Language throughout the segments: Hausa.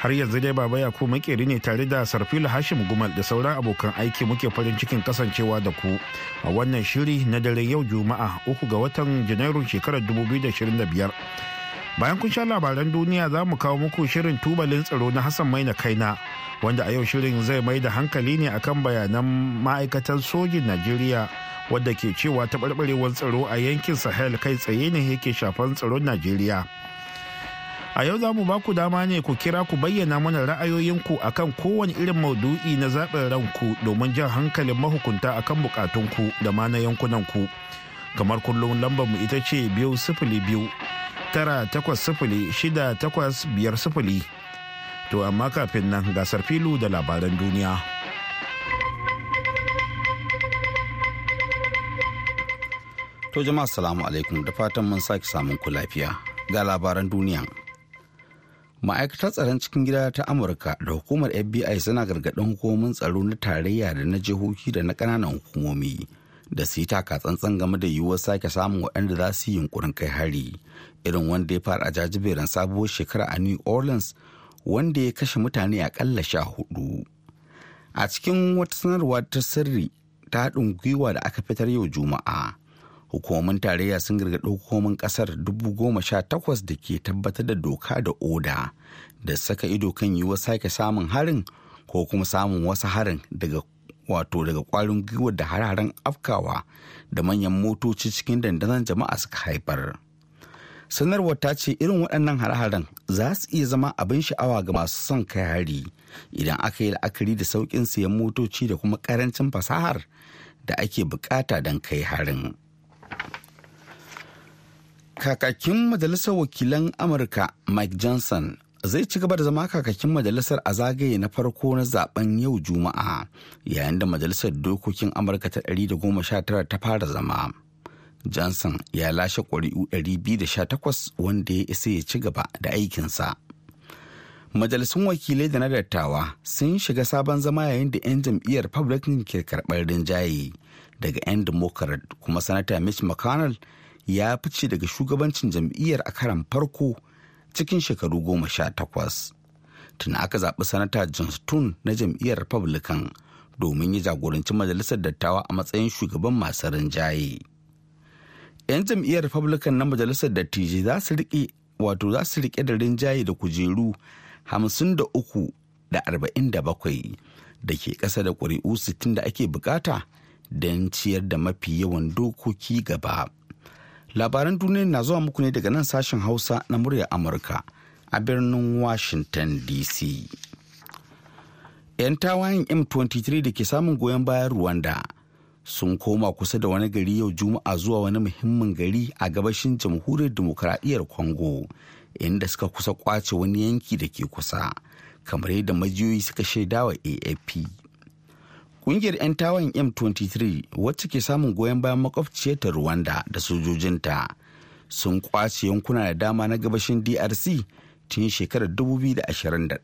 har yanzu dai baba yaku makeri ne tare da sarfila hashim gumal da sauran abokan aiki muke farin cikin kasancewa da ku a wannan shiri na dare yau juma'a uku ga watan janairun shekarar 2025 bayan kun sha labaran duniya za mu kawo muku shirin tubalin tsaro na hassan maina kaina wanda a yau shirin zai mai da hankali ne akan bayanan ma'aikatan sojin najeriya wadda ke cewa taɓarɓarewar tsaro a yankin sahel kai tsaye ne yake shafan tsaron najeriya A yau zamu mu ba ku dama ne ku kira ku bayyana mana ra'ayoyinku akan kowane irin maudu'i na zaɓin ranku domin jan hankalin mahukunta akan bukatunku da ma na yankunanku. Kamar kullum lambar mu ita ce biyu sifili biyu tara takwas sifili shida takwas biyar sifili. To amma kafin nan gasar filu da labaran duniya. To jama'a salamu alaikum da fatan mun sake samun ku lafiya ga labaran duniya. ma'aikatar tsaron cikin gida ta amurka da hukumar fbi suna gargaɗin hukumomin tsaro na tarayya da na jihohi da na ƙananan hukumomi da su yi taka tsantsan game da yiwuwar sake samun waɗanda za su yi yunkurin kai hari irin wanda ya fara a jajiberin sabuwar shekara a new orleans wanda ya kashe mutane aƙalla sha hudu a cikin wata sanarwa ta sirri ta haɗin gwiwa da aka fitar yau juma'a hukumomin tarayya sun gargaɗi hukumomin ƙasar dubu goma sha takwas da ke tabbatar da doka da oda da saka ido kan yiwuwar sake samun harin ko kuma samun wasu harin daga wato daga kwarin gwiwar da har afkawa da manyan motoci cikin dandazon jama'a suka haifar sanarwar ta ce irin waɗannan har-haren za su iya zama abin sha'awa ga masu son kai hari idan aka yi la'akari da sauƙin siyan motoci da kuma ƙarancin fasahar da ake bukata don kai harin. Kakakin Majalisar Wakilan Amurka Mike Johnson zai ci gaba da zama kakakin majalisar a zagaye na farko na zaben yau juma'a yayin da majalisar dokokin amurka ta 119 ta fara zama johnson ya lashe ƙuri'u 218 wanda ya isa ya ci gaba da aikinsa majalisun wakilai da na dattawa sun shiga sabon zama yayin da 'yan jam'iyyar republican ke karɓar rinjaye daga 'yan democrat kuma sanata mitch mcconnell ya fice daga shugabancin jam'iyyar a karan farko cikin shekaru goma sha takwas. Tuna aka zaɓi sanata John Stone na jam'iyyar Republican domin ya jagoranci majalisar dattawa a matsayin shugaban masu rinjaye. 'Yan jam'iyyar Republican na majalisar dattijai za su riƙe wato za su riƙe da rinjaye da kujeru hamsin da uku da arba'in da bakwai da ke ƙasa da ƙuri'u sittin da ake bukata don ciyar da mafi yawan dokoki gaba. labaran duniya na zuwa muku ne daga nan sashen hausa na muryar amurka a birnin washington dc 'yan tawayen m23 da ke samun goyon bayan rwanda sun koma kusa da wani gari yau juma'a zuwa wani muhimmin gari a gabashin jamhuriyar demokuraɗiyyar congo inda suka kusa kwace wani yanki da ke kusa kamar yadda majiyoyi suka shaidawa afp Kungiyar 'yan tawayen M23 wacce ke samun goyon bayan makwabciyar ta Rwanda da sojojinta sun kwace yankuna da dama na gabashin DRC tun shekarar 2021.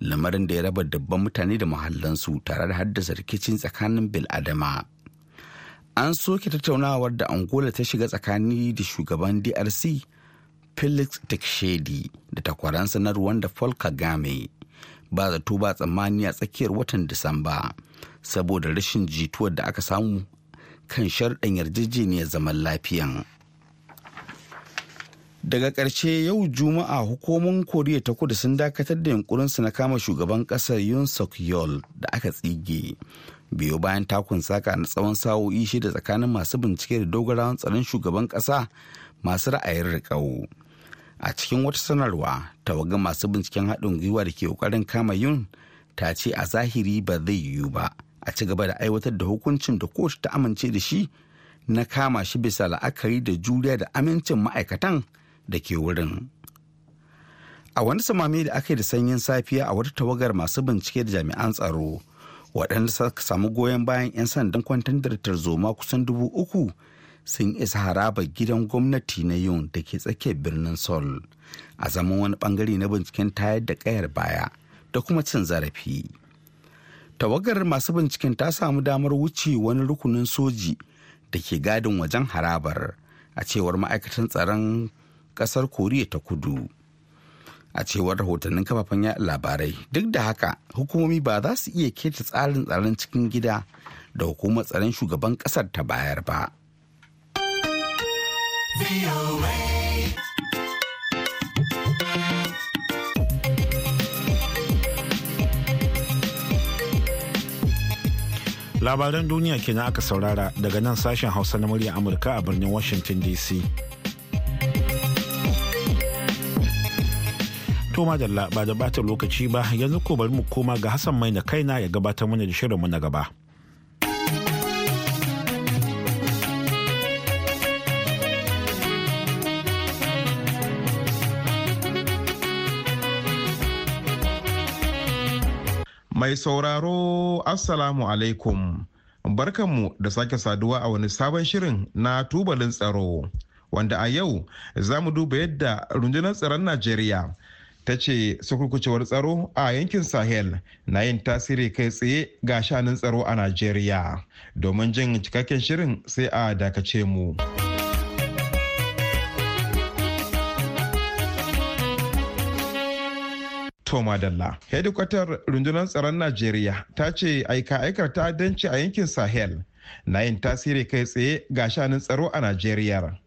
Lamarin da ya raba dabban mutane da mahallansu tare da haddasa rikicin tsakanin bil'adama. An soke tattaunawar da Angola ta shiga tsakani da shugaban DRC Felix Tshisekedi da takwaransa na Rwanda Paul Kagame ba zato ba tsammani a tsakiyar watan Disamba saboda rashin jituwar da aka samu kan sharɗin yarjejeniyar zaman lafiyan. daga ƙarshe yau juma'a hukumomin koriya ta kudu sun dakatar da yunkurinsu na kama shugaban ƙasar yun suk yol da aka tsige biyo bayan takun saka na tsawon sa'o'i shida tsakanin masu bincike da dogarawan tsaron shugaban ƙasa masu ra'ayin riƙau a cikin wata sanarwa tawaga masu binciken haɗin gwiwa da ke ƙoƙarin kama yun ta ce a zahiri ba zai yiwu ba a ci gaba da aiwatar da hukuncin da kotu ta amince da shi na kama shi bisa la'akari da juriya da amincin ma'aikatan da ke wurin. A wani samami da aka yi da sanyin safiya a wata tawagar masu bincike da jami'an tsaro waɗanda suka samu goyon bayan 'yan sandan kwantar tarzoma kusan dubu uku sun isa harabar gidan gwamnati na yun da ke tsakiyar birnin Sol a zaman wani bangare na binciken tayar da kayar baya da kuma cin zarafi. tawagar masu binciken ta samu damar wuce wani rukunin soji da ke gadin wajen harabar a cewar ma'aikatan tsaron kasar koriya ta kudu a cewar rahotannin kafafen yaɗa labarai duk da haka hukumomi ba za su iya keta tsarin tsaron cikin gida da hukumar tsaron shugaban kasar ta bayar ba. labaran duniya kenan aka saurara daga nan sashen hausa na murya amurka a birnin washington dc to madalla ba da bata lokaci ba yanzu ko bari mu koma ga hassan mai na kaina ya gabatar mana da shirinmu na gaba Mai sauraro Assalamu alaikum. Barkanmu da sake saduwa a wani sabon shirin na tubalin tsaro. Wanda a yau za mu duba yadda rundunar tsaron Najeriya ta ce sukurkucewar tsaro a yankin Sahel na yin tasiri kai tsaye ga shanun tsaro a Najeriya. Domin jin cikakken shirin sai a dakace mu. Toma Dalla. Hedikwatar rundunar tsaron Najeriya ta ce aika-aikar ta'addanci a yankin Sahel na yin tasiri kai tsaye ga shanin tsaro a Najeriya.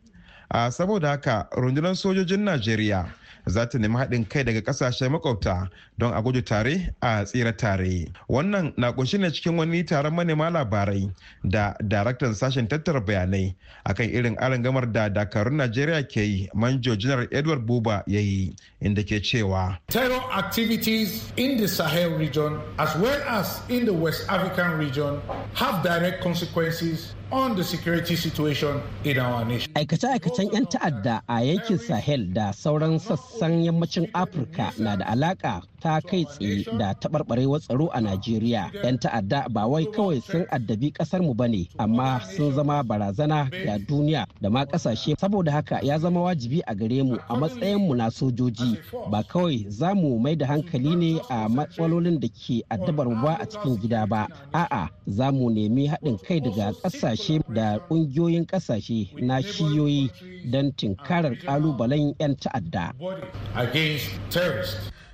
A saboda haka rundunar sojojin Najeriya za ta nemi haɗin kai daga ƙasashen makwabta don a guji tare a tsira tare wannan na ƙunshi ne cikin wani taron manema labarai da daraktan sashen tattara bayanai akan irin gamar da dakarun najeriya ke yi manjo janar edward buba ya yi inda ke cewa terror activities in the sahel region as well as in the west african region have direct consequences on the security situation in our nation. Aikace-aikacen 'yan ta'adda a yankin Sahel da sauran sassan yammacin Afirka na da alaƙa. ta kai tsaye da taɓarɓarewar tsaro a Najeriya. 'Yan ta'adda ba wai kawai sun addabi ƙasar mu bane amma sun zama barazana ga duniya da ma ƙasashe saboda haka ya zama wajibi a gare mu a matsayin mu na sojoji ba kawai za mu mai da hankali ne a matsalolin da ke addabar mu ba a cikin gida ba a'a za mu nemi haɗin kai daga ƙasashe da ƙungiyoyin ƙasashe na shiyoyi don tinkarar ƙalubalen 'yan ta'adda.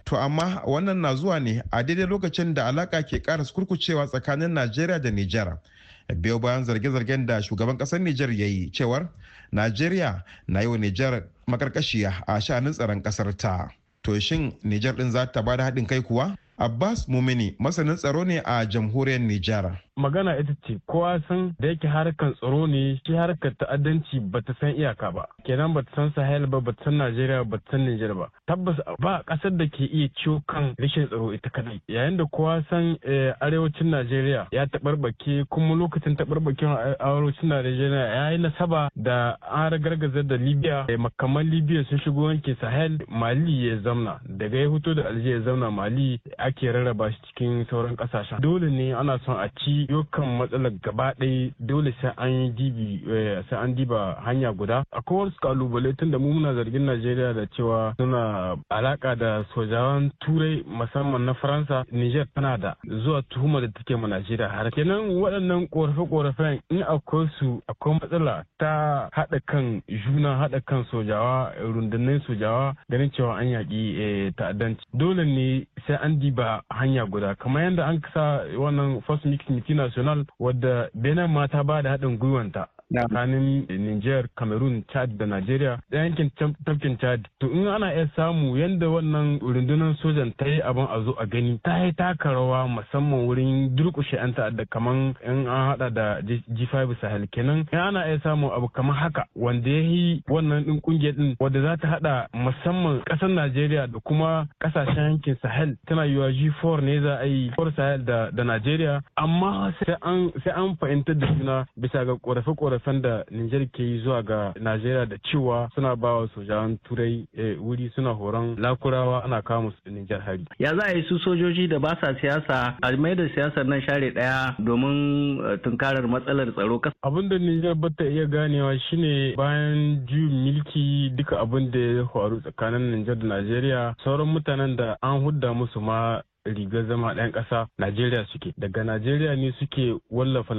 To amma wannan na zuwa ne a daidai lokacin da alaka ke ƙara kurkucewa tsakanin Najeriya da Nijar. Biyo bayan zarge-zargen da shugaban ƙasar Nijar ya yi cewar Najeriya na yi wa Nijar makarkashiya a sha'anin tsaron ƙasar ta. To shin Nijar ɗin za ta bada haɗin kai kuwa? Abbas Mumini masanin tsaro ne a jamhuriyar Nijar. magana ita ce kowa san da yake harkar tsaro ne shi harkar ta'addanci ba ta san iyaka ba kenan ba ta san sahel ba ba ta san najeriya ba ta san nijar ba tabbas ba kasar da ke iya ciwo kan rashin tsaro ita kadai yayin da kowa san eh, arewacin najeriya ya taɓarɓake kuma lokacin taɓarɓaken arewacin najeriya ya yi nasaba da an gargazar da libya eh, makaman libya sun shigo yankin sahel mali ya zamna daga ya fito da alje ya zamna mali ake rarraba shi cikin sauran kasashen dole ne ana son a ci dukkan matsalar gaba ɗaya dole sai an dibi eh, sai an diba hanya guda akwai wasu kalubale tun da mu muna zargin najeriya da cewa suna alaka da sojawan turai musamman na faransa niger tana da zuwa tuhuma da take ma najeriya har kenan waɗannan korafe-korafen in akwai su akwai matsala ta haɗa kan juna haɗa kan sojawa rundunar sojawa ganin cewa an yaƙi eh, ta'addanci dole ne sai an diba hanya guda kamar yadda an kasa wannan first mix national wadda benin ma ta ba da haɗin gwiwanta na tsakanin Niger, Cameroon, Chad da Nigeria da yankin tafkin Chad. To in ana iya samu yadda wannan rundunar sojan ta yi abin a zo a gani ta yi taka rawa musamman wurin durƙushe 'yan ta'adda kaman in an hada da G5 Sahel kenan. In ana iya samu abu kamar haka wanda ya yi wannan din kungiyar din Wadda za ta hada musamman kasar Najeriya da kuma ƙasashen yankin Sahel tana yiwa G4 ne za a yi Sahel da Najeriya amma sai an fahimtar da suna bisa ga ƙorafe-ƙorafe kasan da Nijar ke yi zuwa ga Najeriya da cewa suna ba wa sojan turai eh, wuri suna horon lakurawa ana kawo musu Nijar hari. Ya za a yi su sojoji da ba sa siyasa a mai da siyasar nan share daya domin eh, tunkarar matsalar tsaro kasa. Abin da Nijar ba ta iya ganewa shine bayan ju milki duka abin da ya faru tsakanin Nijar da Najeriya sauran mutanen da an hudda musu ma rigar zama ɗan ƙasa Najeriya suke. Daga Najeriya ne suke wallafa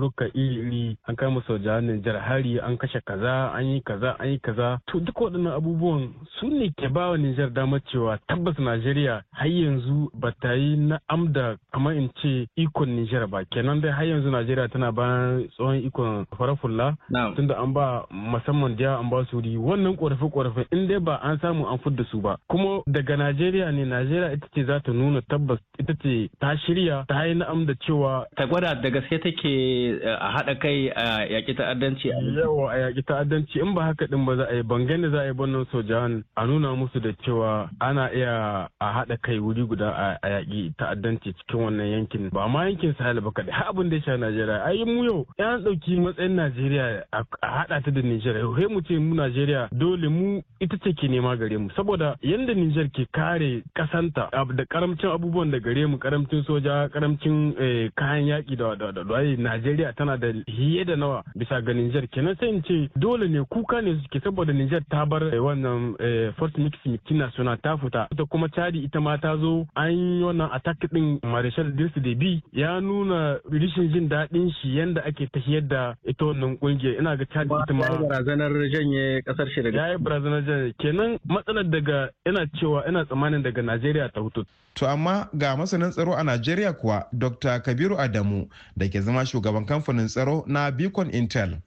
ruka iri-iri an kama sojan Nijar hari an kashe kaza an yi kaza an yi kaza. To duk waɗannan abubuwan su ne ke ba wa Nijar damar cewa tabbas Najeriya har yanzu ba ta yi na amda kamar in ce ikon Nijar ba. Kenan dai har yanzu Najeriya tana bayan tsohon ikon farafulla. Tunda an ba musamman jiya an ba su wannan ƙorafe-ƙorafe in dai ba an samu an fudda su ba. Kuma daga Najeriya ne Najeriya ita ce za ta nuna tabbas ita ce ta shirya ta yi na'am da cewa ta gwada da gaske take eh, a haɗa kai a yaƙi ta'addanci yawa a yaƙi ta'addanci in ba haka din ba za a yi bangan da za a yi bannan sojan a nuna musu da cewa ana iya a haɗa kai wuri guda a yaƙi ta'addanci cikin wannan yankin ba ma yankin sahel ba kaɗai har abin da ya sha najeriya ai mu yau ya ɗauki matsayin najeriya a haɗa ta da nijar yau mu ce mu najeriya dole mu ita ce ke nema gare mu saboda yanda nijar ke kare kasanta da karamcin abubuwan da gare mu karamcin soja karamcin eh, kayan yaki da wadadadwaye najeriya tana da hiye da nawa bisa ga nijar kenan sai in ce dole ne kuka ne suke saboda nijar ta bar eh, wannan eh, first mix mikina suna ta fita ita kuma cadi ita ma ta zo an yi wannan attack din marshal da bi. ya nuna rishin jin daɗin shi yanda ake ta hiyar da ita wannan kungiyar ina ga chadi ita ma barazanar janye kasar shi daga yi barazanar janye kenan matsalar daga ina cewa ina tsammanin daga najeriya ta hutu To amma ga masanin tsaro a Najeriya kuwa Dr. Kabiru Adamu da ke zama shugaban kamfanin tsaro na Beacon Intel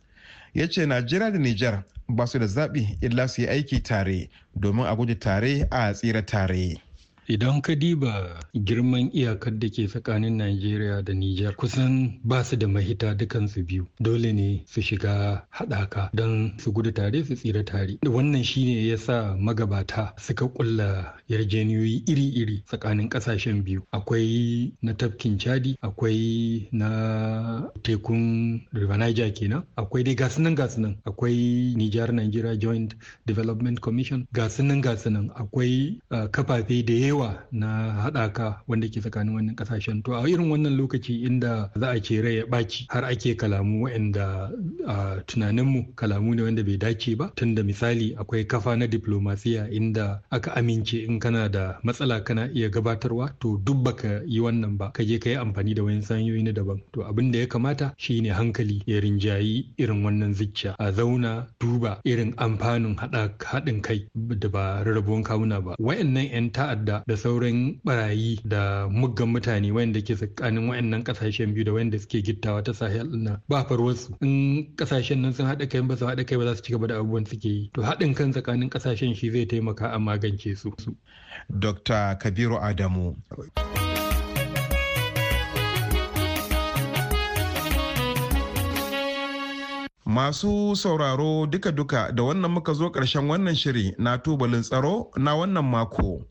ya ce Najeriya da Nijar ba su da zaɓi illa su yi aiki tare domin a guji tare a tsira tare. Idan ka diba girman iyakar da ke tsakanin Najeriya da Nijar kusan ba su da mahita dukansu biyu. Dole ne su shiga haɗaka don su gudu tare su tsira tare. Wannan shi ne ya sa magabata suka kulla yarjeniyoyi iri-iri tsakanin ƙasashen biyu. Akwai na tafkin Chadi, akwai na tekun River Niger kenan, akwai dai gasunan gasunan, akwai Nijar Nigeria Joint Development Commission, gasunan gasunan, akwai ah, kafafe da yawa yawa na haɗaka wanda ke tsakanin wannan ƙasashen to a irin wannan lokaci inda za a ce rai ya ɓaci har ake kalamu waɗanda a tunaninmu kalamu ne wanda bai dace ba tunda misali akwai kafa na diplomasiya inda aka amince in kana da matsala kana iya gabatarwa to duk baka yi wannan ba ka je ka yi amfani da wani sanyoyi na daban to abin da ya kamata shine hankali ya rinjayi irin wannan zicca a zauna duba irin amfanin haɗin kai da ba rarrabuwan kawuna ba wayannan 'yan ta'adda da sauran barayi da muggan mutane wanda ke tsakanin wayannan kasashen biyu da wanda suke gittawa ta sahel ba su in kasashen nan sun hada kai ba su haɗa kai ba za su ci gaba da abubuwan suke yi to haɗin kan tsakanin kasashen shi zai taimaka a magance su. Dr. Kabiru Adamu. Masu sauraro duka-duka da wannan muka zo ƙarshen wannan shiri na tubalin tsaro na wannan mako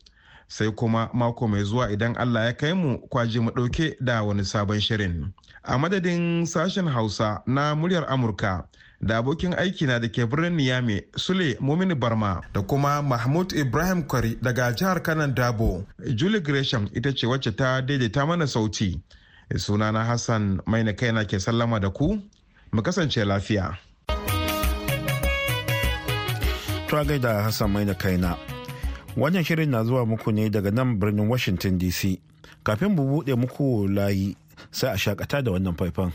sai kuma mako mai zuwa idan Allah ya kai mu kwaji mu ɗauke da wani sabon shirin. A madadin sashen Hausa na muryar Amurka da abokin aikina da ke birnin Niyame Sule Mumini Barma da kuma Mahmud Ibrahim Kwari daga jihar Kanan Dabo. Julie Gresham ita ce wacce ta daidaita mana sauti. Sunana Hassan mai kaina ke sallama da ku, mu kasance lafiya. Tuwa gaida Hassan mai kaina. Wannan shirin na zuwa muku ne daga nan birnin Washington DC. Kafin mu buɗe muku layi sai a shakata da wannan faifan.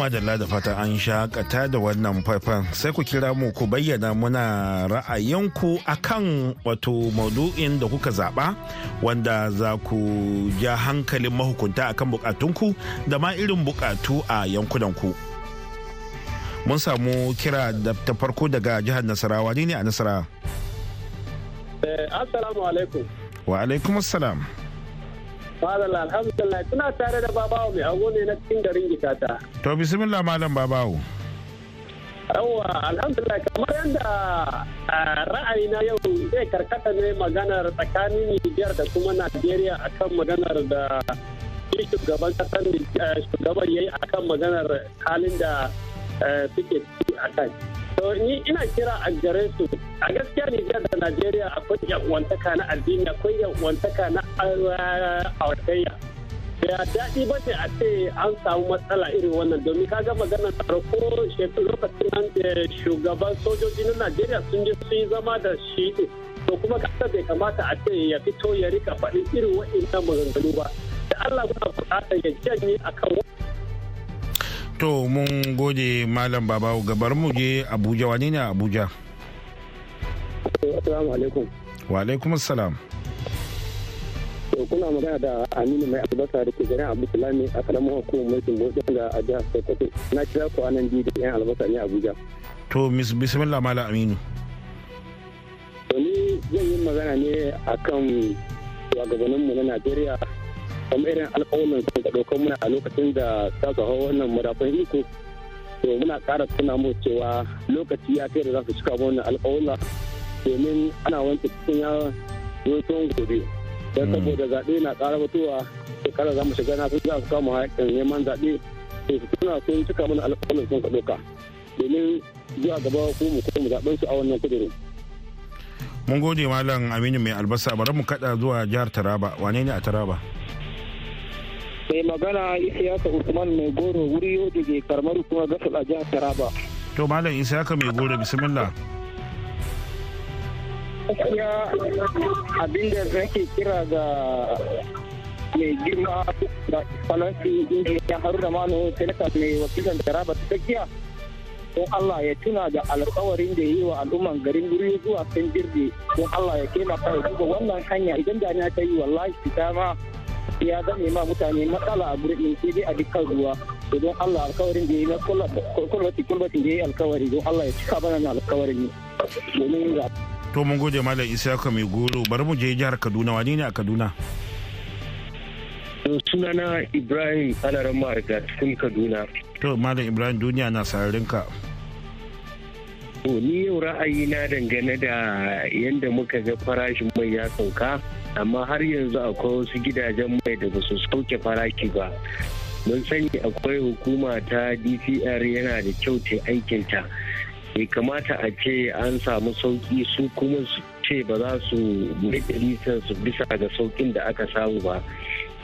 madalla da fata an shakata da wannan faifan sai ku kira mu ku bayyana muna ra'ayinku akan wato maudu'in da kuka zaɓa wanda za ku ja hankalin mahukunta akan bukatunku da ma irin bukatu a yankunanku. Mun samu kira da ta farko daga jihar Nasarawa ne a Nasara. Eh, assalamu alaikum. Wa alaikum assalam. Madalla alhamdulillah suna tare da babawo mai hagu ne na cikin garin gitata. To bismillah malam babawo. Yawwa alhamdulillah kamar yadda ra'ayi na yau zai karkata ne maganar tsakanin Nijar da kuma Najeriya akan maganar da shugaban kasar eh, shugaban yayi akan maganar halin da eh, suke ciki a kai. to ni ina kira a gare su a gaskiya Nijar da Najeriya akwai yan'uwantaka na addini akwai 'yan uwantaka na ah, auratayya ya daɗi ba ce a ce an samu matsala irin wannan domin ka kaga ko farko lokacin nan shugaban sojoji na Najeriya sun ji sun yi zama da shi to kuma kasa bai kamata a ce ya fito ya rika faɗin irin wa'in maganganu ba da Allah a buƙatar ya janye akan to mun gode malam baba gabar mu je abuja wani ne abuja alaikum wa alaikum assalam to kuna magana da aminu mai albasa da ke garin abu sulami a karamin hukumar mulkin bojan da a jihar sokoto na kira ku anan biyu da yan albasa ne abuja to bismillah malam aminu to ni zan yi magana ne akan shugabanninmu na najeriya kamar irin alƙawunan sun ga ɗaukar muna a lokacin da ta hau wannan madafan iko to muna ƙara suna mu cewa lokaci ya kai da za su cika wannan alƙawunan domin ana wanke cikin ya zoton gobe don hmm. saboda zaɓe na ƙara mutuwa shekara za mu shiga na sun za su kama haƙƙin neman zaɓe to su tuna sun cika mana alƙawunan sun ga ɗauka domin zuwa gaba ko mu ko mu zaɓen su a wannan kudurin. mun gode malam aminu mai albasa bari mu kada zuwa jihar taraba wane ne a taraba Sai magana Isiyaka Usman mai goro wuri yau da ke karamar kuma gasar a jihar Taraba. To Malam Isiyaka mai goro bismillah. gaskiya abinda ke kira ga mai girma da falansi haru da mano senata mai wakilan taraba ta tsakiya don allah ya tuna da alkawarin da ya yi wa al'umman garin wuri zuwa san jirgi don allah ya taimaka ya duba wannan hanya idan da ta yi wallahi ta ma ya zame ma mutane matsala a gurin sai dai a dukkan ruwa don Allah alkawarin da ya yi na kulbati kulbati da ya yi alkawari don Allah ya cika bana na alkawarin ne domin ga. To mun gode Malam Isaka mai goro bari mu je jihar Kaduna wani ne a Kaduna? To sunana Ibrahim Alarama daga cikin Kaduna. To Malam Ibrahim duniya na sararin ka. To ni yau ra'ayi na dangane da yadda muka ga farashin mai ya sauka, amma har yanzu akwai wasu gidajen mai da ba su sauke farashi ba. Mun sani akwai hukuma ta DCR yana da kyau ta aikinta. Bai kamata a ce an samu sauki su kuma su ce ba za su su bisa ga saukin da aka samu ba.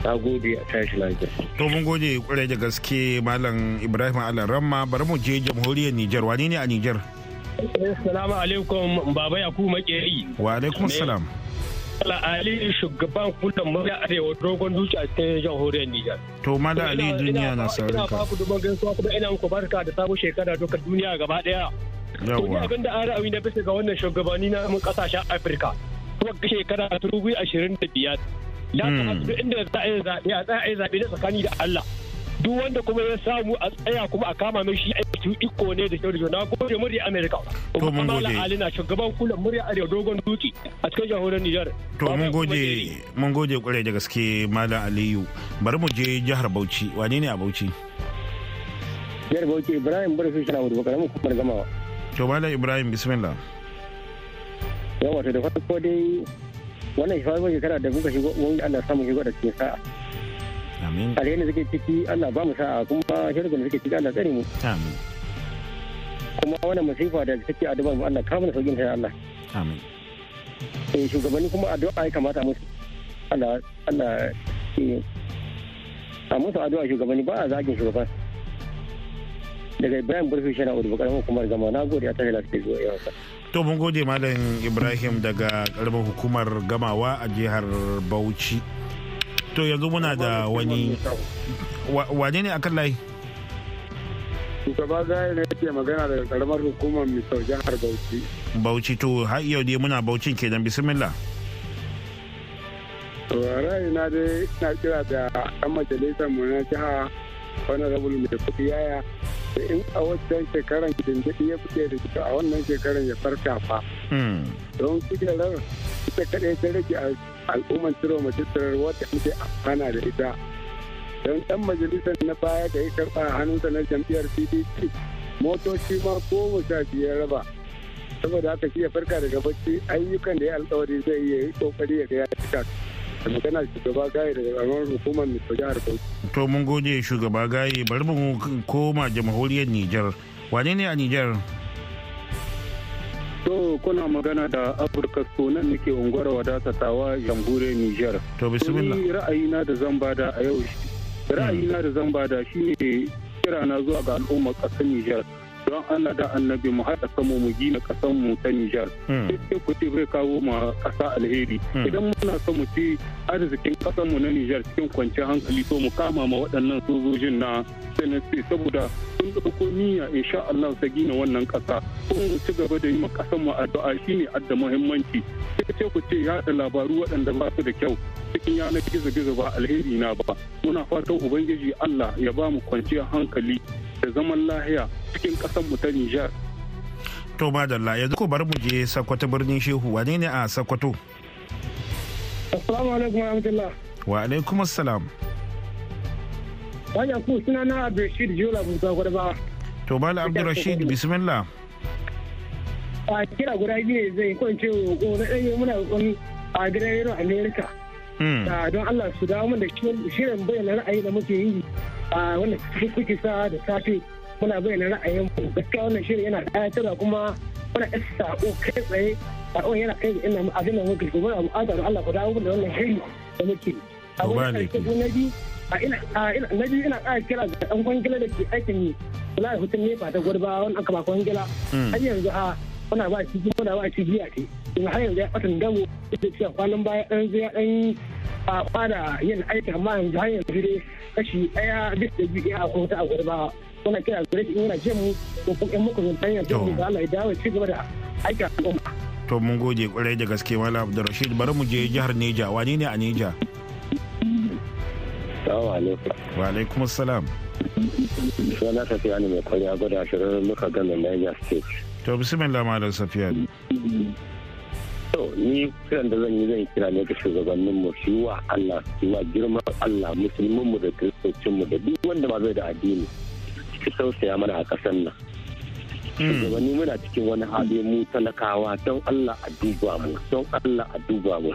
na gode a tashi lafiya. To mun gode kwarai da gaske Malam Ibrahim Alaramma bari mu je jamhuriyar Nijar wani ne a Nijar? Assalamu alaikum Baba Yakubu Makeri. Wa alaikum salam. Mala Ali shugaban kullum murya arewa dogon duci a cikin jamhuriyar Nijar. To Mala Ali duniya na saurin ka. Ina baku dubban gaisuwa kuma ina muku barka da sabon shekara duka duniya gaba daya. Yawwa. Kuma abin da an na bisa ga wannan shugabanni na mun kasashen Afirka. Kuma shekara ta dubu ashirin da biyar. Ya kamata hmm. duk inda za a yi zaɓe a tsaya a yi zaɓe na tsakani da Allah. duk wanda kuma ya samu a tsaya kuma a kama mai shi aiki iko ne da kyau na gode murya amerika to mun gode ali na shugaban kula murya arewa dogon duki a cikin jahohin niger to mun gode mun gode kwarai da gaske malam aliyu bari mu je jihar bauchi wane ne a bauchi jihar bauchi ibrahim bari su shara wadda karamin kuma gamawa to malam ibrahim bismillah yawa to da farko dai wannan shawarar shekara da kuka shigo wani ana samun shigo da cikin sa'a Amin. Alheri suke ciki Allah ba mu sa'a kuma shirgin suke ciki Allah tsare mu. Amin. Kuma wani masifa da suke addu'a mu Allah kamar saukin sai Allah. Amin. Eh shugabanni kuma addu'a ya kamata musu. Allah Allah eh a musu addu'a shugabanni ba a zagin shugaba. Daga Ibrahim Burfi shi na Udu Bukar hukumar gama na gode a tashi lafiya zuwa yau. To mun gode Malam Ibrahim daga karamar hukumar gamawa a jihar Bauchi. to yanzu muna da wani wane ne akan layi shugaba gaya ne yake magana daga karamar hukumar misau jihar bauchi bauchi to har yau dai muna bauchin kenan bismillah to na dai ina kira da dan majalisar mu na jiha rabu mai kuɗi yaya da in a wancan shekaran jindadi ya fice da shi a wannan shekaran ya farka fa hmm. don kujerar ita kaɗai ta rage a al'ummar al'umman ciro majistarar wata ake amfana da ita don ɗan majalisar na baya da ya karba hannunsa na jam'iyyar pdp motoci ma goma sha biyar raba saboda haka shi ya farka daga bacci ayyukan da ya alkawari zai yi kokari ya ga ya cika da magana shugaba gaye daga ƙaramar hukumar jihar bauchi. to mun gode shugaba gaye bari mu koma jamhuriyar nijar wane ne a nijar. To kuna magana da Afirka sunan nake unguwar wadatatawa yambure Nijar. To bismillah. Ni ra'ayina da zan bada a yau. Hmm. Ra'ayina da zan bada shine kira na zuwa ga al'umma ƙasar Nijar. don Allah da annabi mu haɗa kanmu mu gina ƙasar mu ta Nijar. Hmm. Sai ku ce bai kawo ma ƙasa alheri. Hmm. Idan muna so mu ci arzikin ƙasar mu na Nijar cikin kwanciyar hankali to mu kama ma waɗannan sojojin na CNSP saboda sun ɗauko niyya insha Allah ta gina wannan ƙasa. Kun mu ci gaba da yi ma ƙasar mu addu'a ne adda muhimmanci. Sai ce ku ce yaɗa labaru waɗanda ba su da kyau. cikin yanar gizo-gizo ba alheri na ba muna fatan ubangiji allah ya ba mu kwanciyar hankali da zaman lahiya cikin mu ta Nijar. To madalla yanzu ko bari mu je Sokoto birnin Shehu wane ne a Sokoto? Assalamu alaikum warahmatullah. Wa alaikum assalam. Wani ku suna na Abdulrashid Jola Musa Gwarba. To Bala rashid bismillah. A kira guda biyu zai kwance ko na ɗaya muna kun a gidan Amerika. Hmm. Don Allah su dawo mun da shirin bayyana ra'ayi da muke yi a wanda kuke sa da safe muna bayyana ra'ayinmu gaskiya wannan shirin yana kayatarwa kuma muna ɗan sako kai tsaye sakon yana kai ga ina abin da muke so muna buƙatar Allah ku dawo da wannan shiri da muke a wani ƙarshe a ina na bi ina ƙara kira ga ɗan kwangila da ke aikin kula da hutun nefa ta gwarba wani aka ba kwangila hmm. har yanzu a muna ba shi muna ba shi biya ce kuma har yanzu ya ɓatan damu da cewa kwanan baya ɗan zai ɗan a fara yin aiki amma yanzu har yanzu dai kashi ɗaya da biyu a kuma ta gurba muna kira gare shi wani ce mu ko kuma in muku tanya ta da Allah ya dawo ci gaba da aiki al'umma. To mun gode kwarai da gaske Malam Abdulrashid bari mu je jihar Neja wani ne a Neja? Assalamu alaikum. Wa alaikum salam. Suna Safiya ne mai kwari a gwada shirin muka gana Niger State. To bismillah Malam Safiya. ne. to ni kiran da zan yi zan kira ne ga shugabannin mu shi wa Allah shi wa girman Allah musulmin mu da kristocin mu da duk wanda ba zai da addini su tausaya mana a ƙasar nan hmm. shugabanni muna cikin wani hali mu talakawa don Allah a duba mu don Allah a duba mu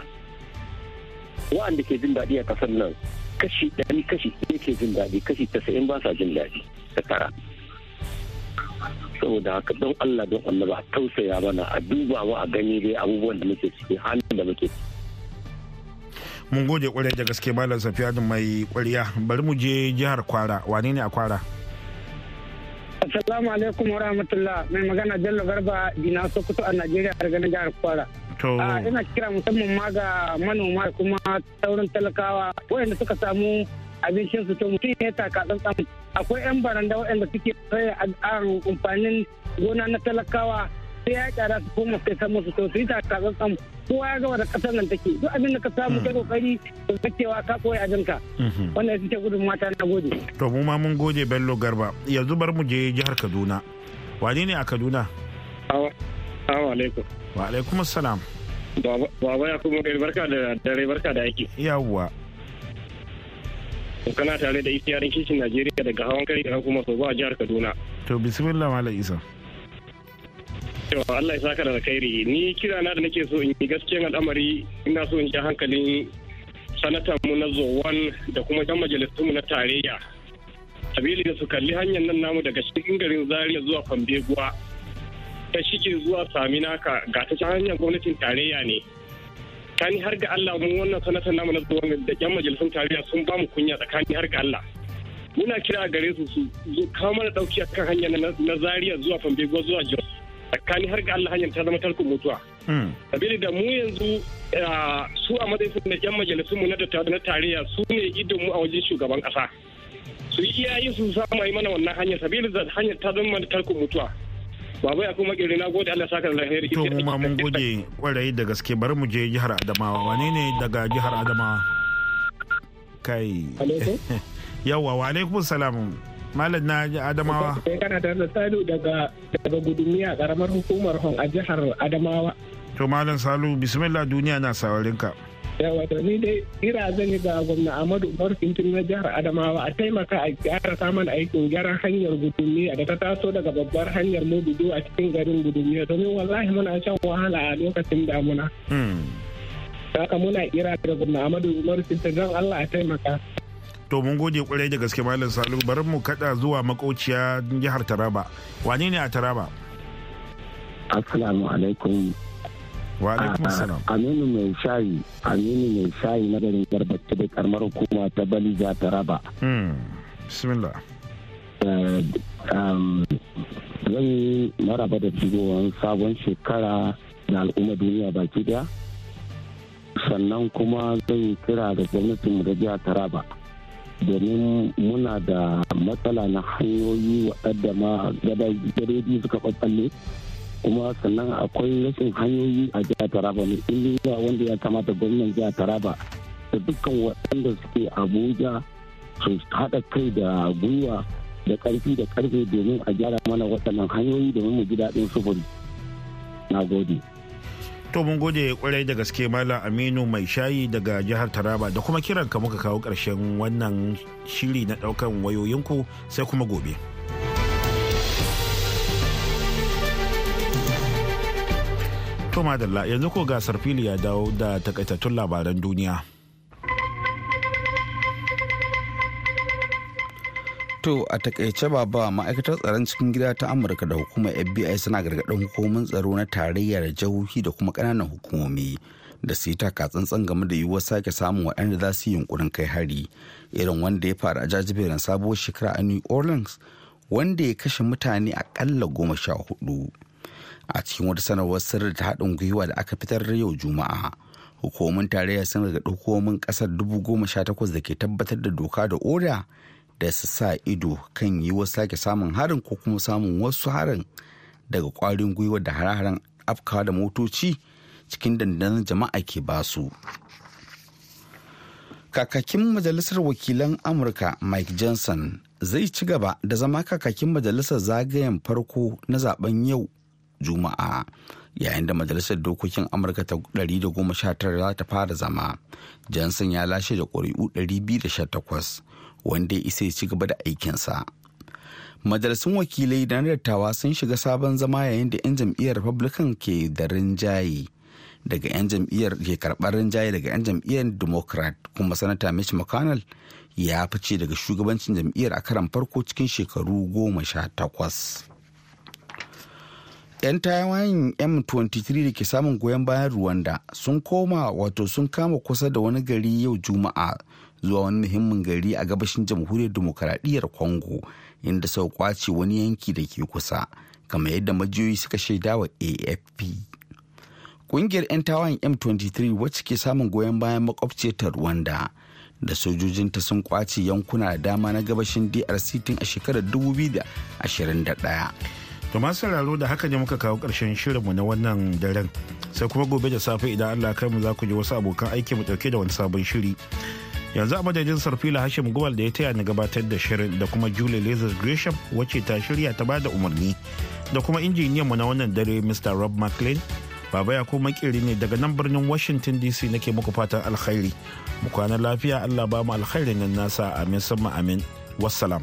wa'anda ke jin daɗi a ƙasar nan kashi ɗari kashi ɗaya ke jin daɗi kashi tasa'in ba sa jin daɗi ta tara saboda haka don Allah don Allah ba tausaya mana a duba wa a gani dai abubuwan da muke ciki halin da muke ciki mun gode kwarai da gaske malam safiya mai kwariya bari mu je jihar kwara wane ne a kwara assalamu alaikum wa rahmatullah mai magana jallo garba dina sokoto a najeriya daga jihar kwara ah, ina kira musamman ma ga manoma kuma sauran talakawa wayanda suka samu abincin su to mutum ya taka tsantsan akwai yan baranda waɗanda suke tsaye al'adar amfanin gona na talakawa sai ya kyara su koma sai samu su to su yi taka tsantsan kowa ya ga wata kasar nan take duk abin da ka samu hmm. kai kokari ka kacewa ka koyi abinka mhm. wannan ita gudun mata na gode to mu ma mun gode bello garba yanzu bar mu je jihar kaduna wani ne a kaduna Assalamu alaikum. Wa alaikum assalam. Baba ya kuma barka da dare barka da aiki. Yawwa. kana tare da istiyarin kishin najeriya daga hawan kari da hukumar sobo a jihar kaduna to bismillah malam isa Allah ya saka da kairi ni kira na da nake so in yi gaskiyan al'amari ina so in ji hankalin sanatan mu na zowan da kuma yan majalisun mu na tarayya sabili da su kalli hanyar nan namu daga cikin garin zaria zuwa fambeguwa ta shige zuwa saminaka ga ta hanyar gwamnatin tarayya ne tsakani har ga Allah mun wannan sanatar namu na zuwan da yan majalisun tarayya sun ba mu kunya tsakani har ga Allah muna kira gare su su kawo mana dauki a kan hanyar na Zaria zuwa Fambego zuwa Jos tsakani har ga Allah hanyar ta zama tarkon mutuwa hmm. sabili da mu yanzu ah, su a matsayin na yan majalisun mu na tarayya su ne idon mu a wajen shugaban kasa su iyayen su samu yi mana wannan hanyar sabili da hanyar ta zama tarkon mutuwa babai ya kuma kiri na gode Allah saka da alheri. To mu ma mun gode kwarai da gaske bari mu je jihar Adamawa. Wane ne daga jihar Adamawa? Kai. Yawwa wa alaikum salam. Malam na Adamawa. Kai kana da Salu daga daga gudumiya karamar hukumar Hon a jihar Adamawa. To Malam Salu bismillah duniya na sawarinka. ka. yawa to ni dai ira zan yi ga gwamna Ahmadu Umar Fintin na jihar Adamawa a taimaka a gyara samun aikin gyaran hanyar gudunmi da ta taso daga babbar hanyar Mubidu a cikin garin gudunmiya domin wallahi muna shan wahala a lokacin damuna. Hmm. Haka muna ira da gwamna Ahmadu Umar Fintin don Allah a taimaka. to mun gode kwarai da gaske malam salu bari mu kada zuwa makauciya jihar taraba wane ne a taraba assalamu alaikum wa aminu mai shayi aminu mai shayi na garin garba ta da karmar hukuma ta baliza ta raba hmm, eh, um, zan yi maraba da cigowar sabon shekara da al'umma duniya baki daya sannan kuma zan yi kira da gwamnatin da ta taraba domin muna da matsala na hanyoyi waɗanda ma gadoji suka ɓaɓɓalle kuma sannan akwai rashin hanyoyi a jihar taraba ne in wanda ya kamata gwamnan jihar taraba da dukkan waɗanda suke abuja su haɗa kai da gwiwa da karfi da ƙarfe domin a gyara mana waɗannan hanyoyi domin mu ji daɗin sufuri na gode to mun gode kwarai da gaske malam aminu mai shayi daga jihar taraba da kuma kiran ka muka kawo ƙarshen wannan shiri na ɗaukan wayoyinku sai kuma gobe. To madalla yanzu ko gasar fili ya dawo da takaitattun labaran duniya. To a takaice baba ma'aikatar tsaron cikin gida ta Amurka da hukumar FBI suna gargaɗin hukumomin tsaro na tarayya da jihohi da kuma ƙananan hukumomi da su yi taka tsantsan game da yiwuwar sake samun waɗanda za su yi yunkurin kai hari irin wanda ya faru a jajiberin sabuwar shekara a New Orleans wanda ya kashe mutane aƙalla goma sha hudu. a cikin wata sanarwar sirri ta haɗin gwiwa da aka fitar yau juma'a hukumomin tarayya sun riga hukumomin ƙasar dubu goma sha takwas da ke tabbatar da doka da oda da su sa ido kan yi wasu sake samun harin ko kuma samun wasu harin daga ƙwarin gwiwa da hare-haren afkawa da motoci cikin dandanan jama'a ke basu. kakakin majalisar wakilan amurka mike johnson zai ci gaba da zama kakakin majalisar zagayen farko na zaben yau juma'a yayin da majalisar dokokin amurka ta 119 za ta fara zama johnson ya lashe da ƙuri'u 218 wanda ya isa ya ci gaba da aikinsa majalisun wakilai da dattawa sun shiga sabon zama yayin da 'yan jam'iyyar republican ke da rinjaye daga 'yan jam'iyyar ke karɓar rinjaye daga 'yan jam'iyyar democrat kuma sanata mitch mcconnell ya fice daga shugabancin jam'iyyar a karan farko cikin shekaru goma sha takwas. 'yan Taiwan m23 da ke samun goyon bayan ruwanda sun koma wato sun kama kusa da wani gari yau juma'a zuwa wani muhimmin gari a gabashin jamhuriyar demokaradiyyar congo inda sau kwace wani yanki da ke kusa kamar yadda majiyoyi suka shaida wa afp ƙungiyar 'yan tawayen m23 wacce ke samun goyon bayan ta rwanda da sojojinta sun kwace yankuna da dama na gabashin drc tun a shekarar 2021 To masu sauraro da haka ne muka kawo ƙarshen shirinmu na wannan daren. Sai kuma gobe da safe idan Allah kai mu za ku ji wasu abokan aiki mu ɗauke da wani sabon shiri. Yanzu a madadin Sarfila Hashim Gubal da ya taya ni gabatar da shirin da kuma Julie Lazarus Gresham wacce ta shirya ta bada umarni da kuma injiniyan mu na wannan dare Mr. Rob McLean. Baba ya kuma makiri ne daga nan birnin Washington DC nake muku fatan alkhairi. Mu kwana lafiya Allah ba mu alkhairin nan nasa amin sama amin. Wassalam.